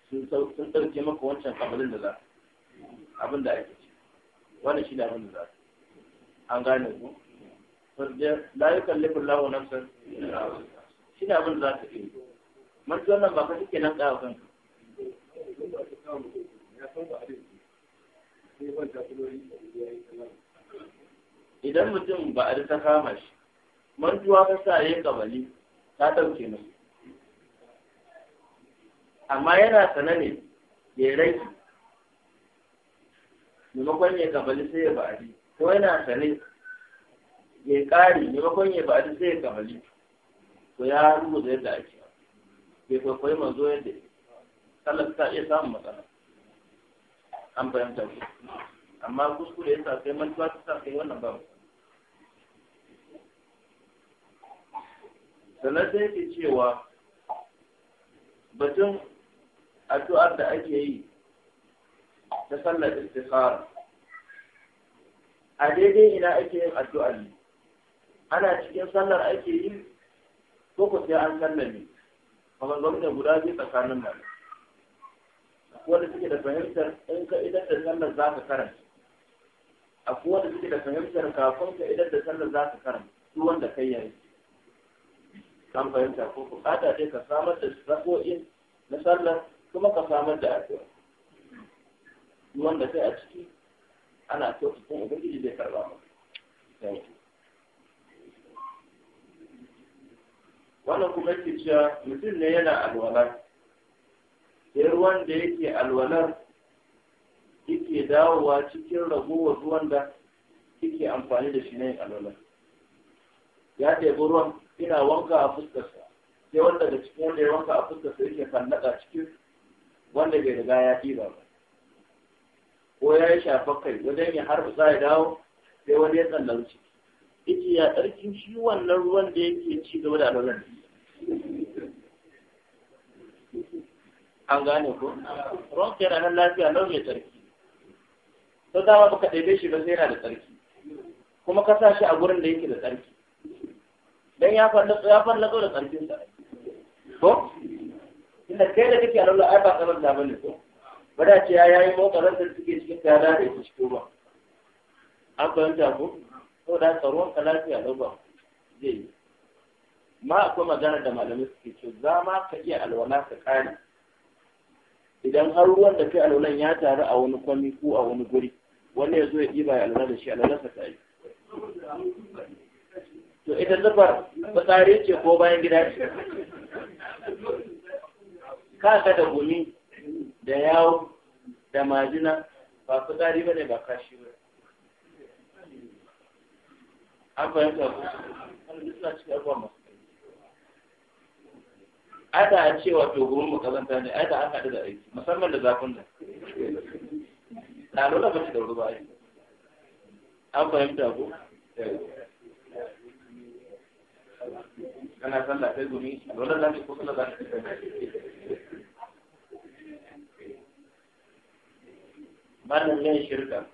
sun ɗauke maka wancan kabalin da za abin da ake wannan shi ne abin da za su an gane ku la yi kallifin lahu nafsar shi ne abin da za su yi mantu wannan ba ka ke nan ƙawa kan idan mutum ba a ta kama shi mantuwa ka sa yi kabali ta ɗauke nan. amma yana sanane ya rai maimakon ya kabali sai ya ba'adi ko yana sane ya ƙari maimakon ya ba'adi sai ya kabali to ya rubuta yadda ake bai kwaikwayi manzo yadda sallar ta iya samun matsala an fahimta ku amma kuskure ya sa sai mantuwa ta sa sai wannan ba sannan sai yake cewa batun addu'ar da ake yi ta sallar istikhar a daidai ina ake yin addu'a ne ana cikin sallar ake yi ko ko sai an sallame kamar gwamnati guda biyu tsakanin Akwai wanda suke da fahimtar in ka idan da sallar za ka karanta akwai wanda suke da fahimtar kafin ka idan da sallar za ka karanta su wanda kai yayi kan fahimta ko bukata dai ka samar da sako'in na sallar kuma ka samar da addu'a wanda sai a ciki ana kyautata ubangiji zai karba mu wannan kuma yake cewa mutum ne yana alwala sai ruwan da yake alwalar yake dawowa cikin ragowar ruwan da yake amfani da shi na yin alwalar ya ɗebi ruwan ina wanka a fuskarsa sai wanda da cikin wanda ya wanka a fuskarsa yake fannaɗa cikin wanda bai riga ya ɗiba ba ko ya yi shafa kai wajen ya harba za ya dawo sai wani ya tsallar ciki ita ya tsarkin shi wannan ruwan da yake ci gaba da alwalar an gane ko ruwan ke ranar lafiya lau mai tsarki ta dama baka ɗaibe shi ba sai yana da tsarki kuma ka sa shi a gurin da yake da tsarki dan ya fara ya da tsarkin sa ko inda kai da kake alwalar ai ba tsarar da bane ko bada ce ya yi motsarar da suke cikin tsada da ya cikin ba an fahimta ko ko da tsaron ka lafiya lau ba zai ma akwai magana da malamai suke ce za ma ka iya alwala ka kare idan har ruwan da kai alwalan ya taru a wani kwami ko a wani guri wani ya zo ya ɗiba ya alwala da shi alwala ka kare to ita zubar fitsari ce ko bayan gida ce ka ka da gumi da yawo da majina ba su fitsari ba ne ba kashi ba an fahimta ku wani suna cikin abubuwa masu ai da a ce wato gurin mu kazanta ne ai da an haɗu da aiki musamman da zafin Da na lura ba shi da ruwa ai an fahimta ku kana sallah kai gumi lura za ka ko sallah za ka malam yin shirka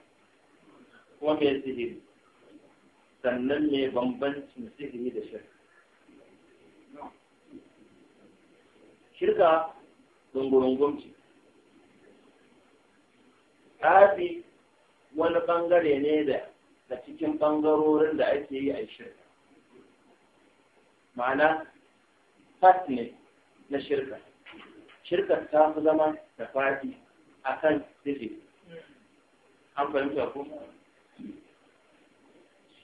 kuma mai sihiri sannan mai bambancin sihiri da shirka shirka dungurungun ce kafi wani bangare ne da a cikin bangarorin da ake yi a shirka ma'ana fat ne na shirka shirka ta fi zama da fati a kan sihiri an fahimta ko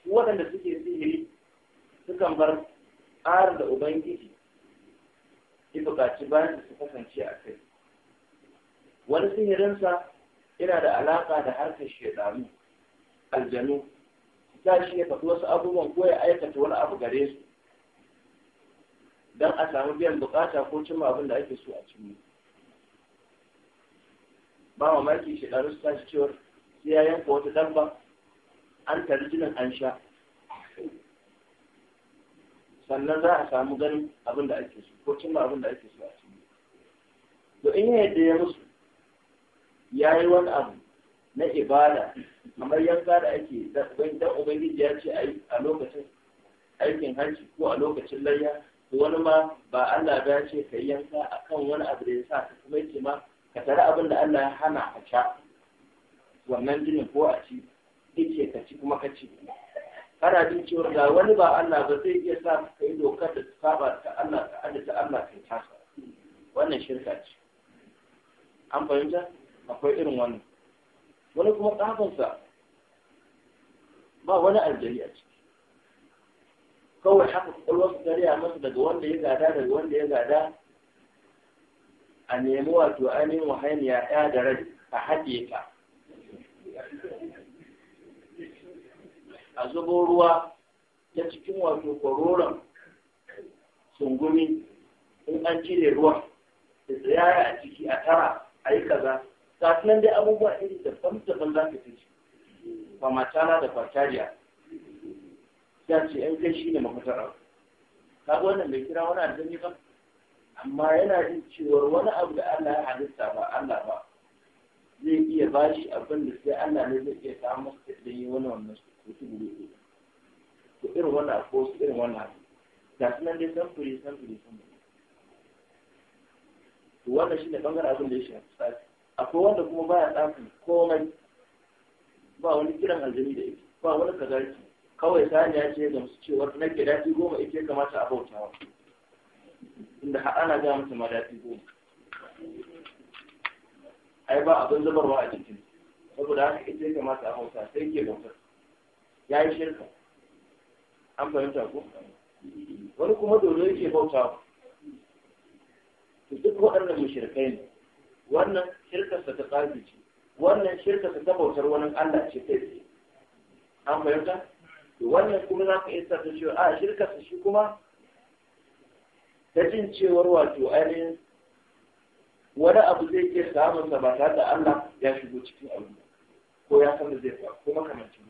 waɗanda suke sihiri sukan bar tsarin da ubangiji ya buƙaci bayan su kasance a kai wani sihirinsa yana da alaƙa da harkar shaidanu aljanu ta shi ya faɗi wasu abubuwan ko ya aikata wani abu gare su don a samu biyan buƙata ko cimma abin da ake so a cimma ba mamaki shaidanu su tashi cewar sai ya yanka wata damba an tari jinin an sha sannan za a samu ganin abin da ake so ko cimma abin da ake so a cikin to in yadda ya musu ya yi wani abu na ibada kamar yanka da ake dan ubangiji ya ce a lokacin aikin hanci ko a lokacin layya wani ma ba Allah ya ce ka yanka akan wani abu da ya sa ka kuma yake ma ka tare abin da Allah ya hana ka sha wannan jinin ko a ci yake ka ci kuma ka ci kana jin cewa ga wani ba Allah ba zai iya sa ka yi dokar da saba ta Allah ka adda ta Allah kai ta wannan shirka ce an fahimta akwai irin wannan wani kuma tsafinsa ba wani aljali a ciki kawai haka kwakwalwarsu ta riya masa daga wanda ya gada daga wanda ya gada a nemi wato ainihin wahainiya ya da rai a haɗe ka" a zubo ruwa ta cikin wato kwaroron sungumi in an cire ruwan da tsayaya a ciki a tara a yi kaza ga nan dai abubuwa iri daban-daban za ka fice ba matana da kwatariya ya ce yan kai shine mafitar ka ga wannan bai kira wani aljani ba amma yana jin cewar wani abu da Allah ya halitta ba Allah ba zai iya bashi abin da sai Allah ne zai iya samu da yi wani wannan su mutum ne ke to irin wannan ko su irin wannan ga su nan dai samfuri samfuri samfuri to wannan shi ne bangaren abin da ya shafi tsafi akwai wanda kuma baya tsafin komai ba wani kiran aljami da ita ba wani kazarki kawai ya ce ga musu cewa na ke dafi goma ita kamata a bautawa inda har ana ga mata ma dafi goma ai ba abin zubarwa a jikin saboda haka ita ya kamata a bauta sai ke bautar ya yi shirka an fahimta ko wani kuma dole yake bauta to duk waɗannan mushrikai ne wannan shirkarsa ta tsari ce wannan shirkarsa ta bautar wani Allah ce kai tsaye an fahimta to wannan kuma za ka isa ta cewa a shirkarsa shi kuma ta jin cewar wato ainihin wani abu zai iya samunsa ba tare da Allah ya shigo cikin abu ko ya san da zai faru ko makamancin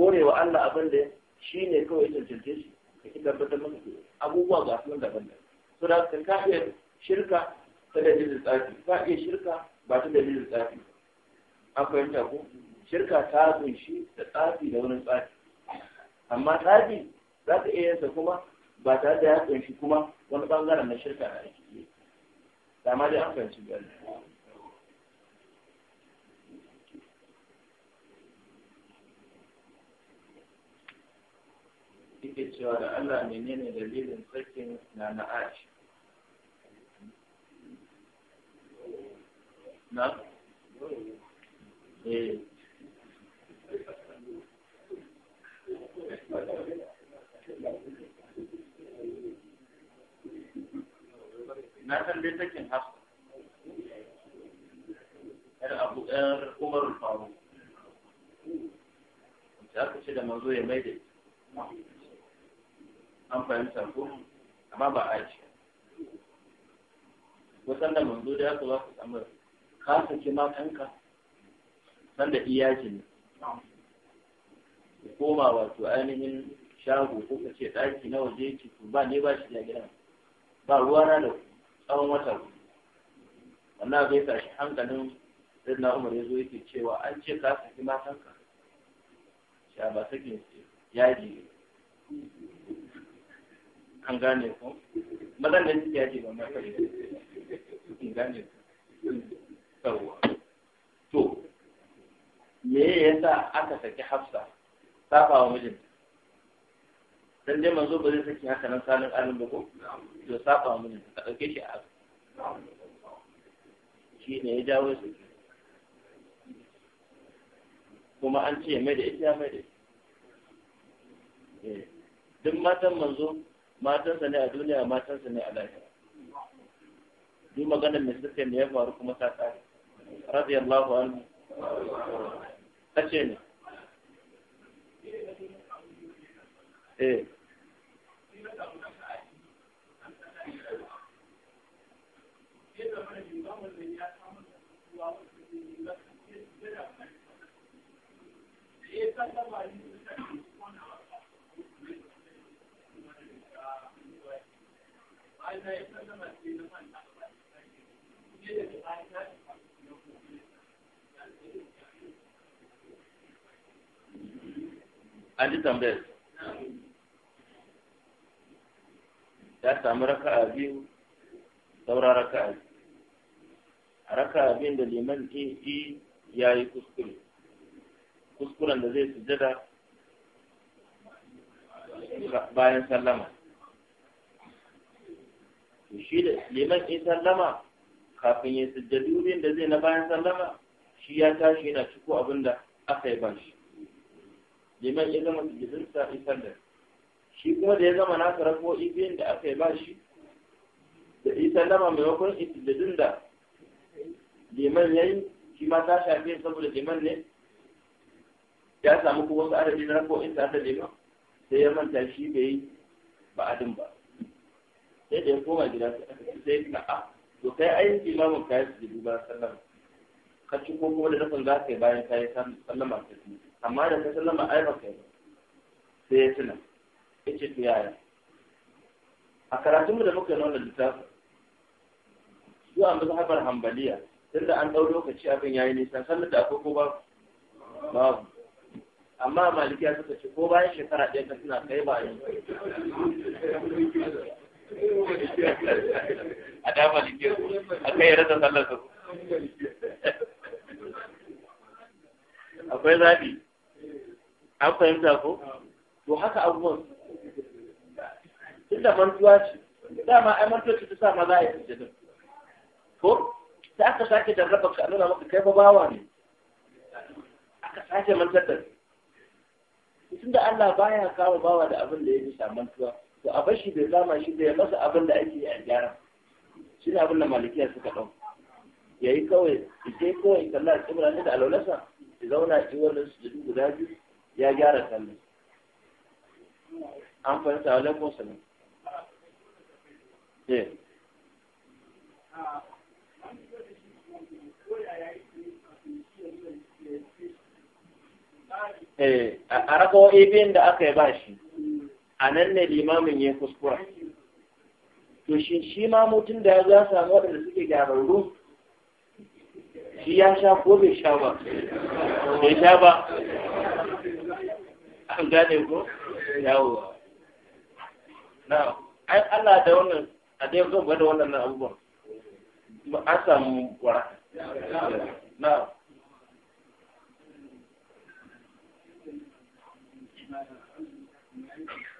kore wa Allah abin da shi ne kawai cancance shi ka ki tabbatar maka abubuwa ga su daban da so da kan ka iya shirka ta dalilin tsafi ka iya shirka ba ta dalilin tsafi an fahimta ko shirka ta kunshi da tsafi da wani tsafi amma tsafi za ka iya yansa kuma ba tare da ya kunshi kuma wani bangaren na shirka a aiki. Dama dai an fahimci gani. yake cewa da Allah menene dalilin sakin na na eh. na na san dai sakin yar abu yar umar faru ce da manzo ya maida an fahimta ko amma ba a aisha wasan da manzo da aka baka samar ka saki matanka sanda iyaji ne ku koma wato ainihin shago ko ka ce ɗaki na waje ki ba ne ba shi ya gidan ba ruwa na da tsawon wata ku wannan bai tashi hankalin na Umar ya zo yake cewa an ce ka saki matanka sha ba sakin yaji ne an gane ku mazan da suke yaji ba mata an gane ku yawwa to me yasa aka saki hafsa safa wa mijin dan dai manzo ba zai saki haka nan salin alin ba ko to safa wa mijinta ka dauke shi a shi ne ya jawo shi kuma an ce mai da ita mai da eh, duk matan manzo matansa ne a duniya matansa ne a lahira duk maganar mai sirkin ne ya faru kuma ta tsari radiyallahu anhu kace ne eh Thank you. an ji tambayar ya samu a biyu saura raka a a biyun da liman ɗin ya yi kuskure kuskuren da zai sujada bayan sallama to shi da liman in sallama kafin ya sujjadu yin da zai na bayan sallama shi ya tashi yana ciko abin da aka yi ba shi liman ya zama sujjadun sa in da shi kuma da ya zama tsara ko biyun da aka yi ba shi da isar lama maimakon sujjadun da liman ya yi shi ma ta shafe saboda liman ne ya samu kuma wasu adadi na ko sa da liman sai ya manta shi bai yi ba'adin ba sai da ya koma gida sai aka ci sai na a ah, to kai aiki ma mun kai su ba sallama ka ci ko kuma da nufin za ka yi bayan kai sallama ka ci amma da kai sallama ai ba kai sai ya tuna ya ce to yaya a karatunmu da muka yi wannan littafin zuwa mazhabar hambaliya tunda an ɗau lokaci abin yayi nisa sannan da akwai ko babu babu amma ya suka ce ko bayan shekara ɗaya ka suna kai ba yanzu a da malikiyar a kai ya rasa sallar su akwai zaɓi an fahimta ko to haka abubuwan da mantuwa ce dama ai mantuwa ce ta sa maza a yi sujjadin ko ta aka sake jarraba ka nuna maka kai babawa bawa ne aka sake mantar da tunda Allah baya kawo bawa da abin da ya bisa mantuwa to a bashi bai zama shi bai masa abin da ake a gyara shi ne abin da malikiya suka ɗau ya yi kawai ike kawai kalla a tsibira da alaunasa ya zauna a ciwon da sujudu guda biyu ya gyara kallon an fahimta wa laifin salam eh. Eh, a rakawa ibin da aka yi ba shi a nan ne limamin ya kuskura to shi shi ma mutum da ya zasa waɗanda suke gyararru shi ya sha ko bai sha ba bai sha ba an gane ko yawo na ai Allah da wannan a dai zan gwada wannan abubuwan a samu wara na Thank you.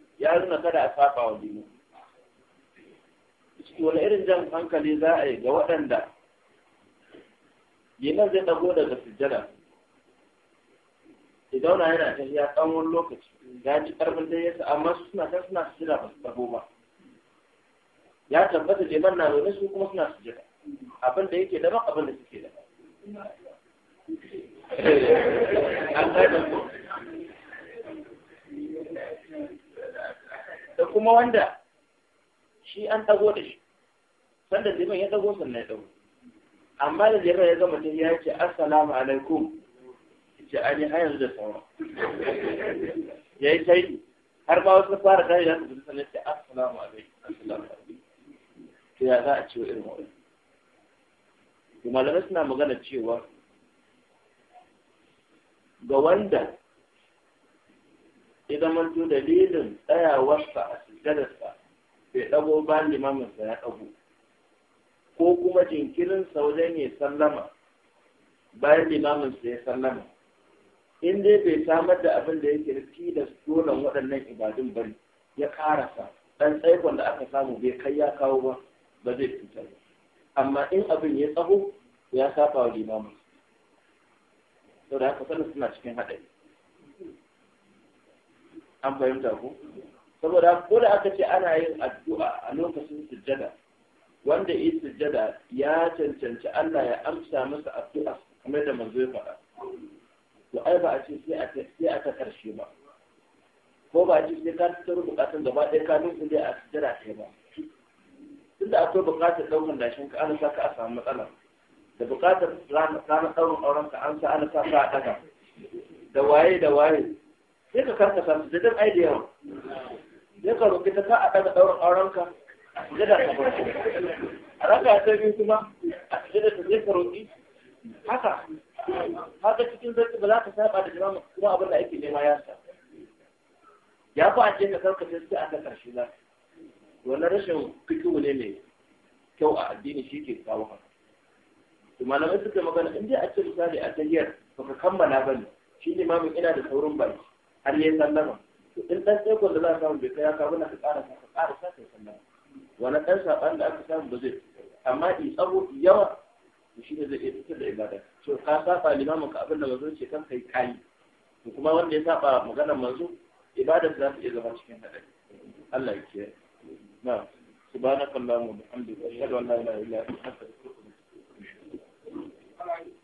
ya nuna kada a saba wa dini ciki wani irin jan hankali za a yi ga waɗanda yinan zai ɗago daga sujjada idan na yana ta ya tsawon lokaci ya ji ƙarfin da yasa amma su suna ta suna sujjada ba su ɗago ba ya tabbata liman na nuna su kuma suna sujjada abin da yake daban abin da suke daban an da kuma wanda shi an tago da shi sanda zai ya tago sun ya dau amma da liman ya zama ya ce assalamu alaikum ce an yi hayar da sauran ya yi shaidi har ba wasu fara tashi da su gudu sannan ce assalamu alaikum alaikum to ya za a ciwo irin kuma malamai suna magana cewa ga wanda ya zama dalilin tsayawarsa a sujjadarsa bai ɗago ba limaminsa ya ɗago ko kuma jinkirinsa wajen ya sallama bayan limaminsa ya sallama in dai bai samar da abin da yake riski da dole waɗannan ibadun bari ya karasa ɗan tsaikon da aka samu bai kai ya kawo ba ba zai cutar ba amma in abin ya tsaho ya saba wa limamin saboda haka sanin suna cikin haɗari an fahimta ku? saboda ko da aka ce ana yin addu'a a lokacin sujjada wanda yi sujjada ya cancanci Allah ya amsa masa addu'a kamar da manzo ya faɗa to ai ba a ce sai a sai ta karshe ba ko ba a ce sai ka tsaro bukatun gaba ɗaya ka nuna dai a sujjada kai ba da akwai bukatar ɗaukar dashen ka ana saka a samu matsala da bukatar ranar ɗaurin auren ka an sa ana saka a ɗaga da waye da waye sai ka karkasa da dan ai da yawa sai ka roƙi ta ka a daga ɗaurin aurenka da da ka farko a raka ta biyu kuma a da ta sai ka roƙi haka haka cikin zarki ba za ka saba da jama'a kuma abin da ake nema ya sa ya fi ake ka karkace sai aka karshe za wannan rashin fikihu ne mai kyau a addini shi ke kawo haka to malamai suka magana in dai a ce misali a ba ka kammala ba ne shi ne mamin ina da saurin baki har yi sallama to in ɗan tsaikon da za a samu bai kai ya kawo na ka ƙara sa, ka ƙara sa ka kai sallama wani ɗan saɓan da aka samu ba zai amma in tsawo yawa shi ne zai iya fitar da ibada to ka saba limamin ka abin da manzo ce kan kai kayi, kai kuma wanda ya saba maganar manzo ibadar za ta iya zama cikin haɗari. Allah ya kiyaye na subhanakallahumma wa bihamdika ashhadu an la ilaha illa anta astaghfiruka wa atubu ilaik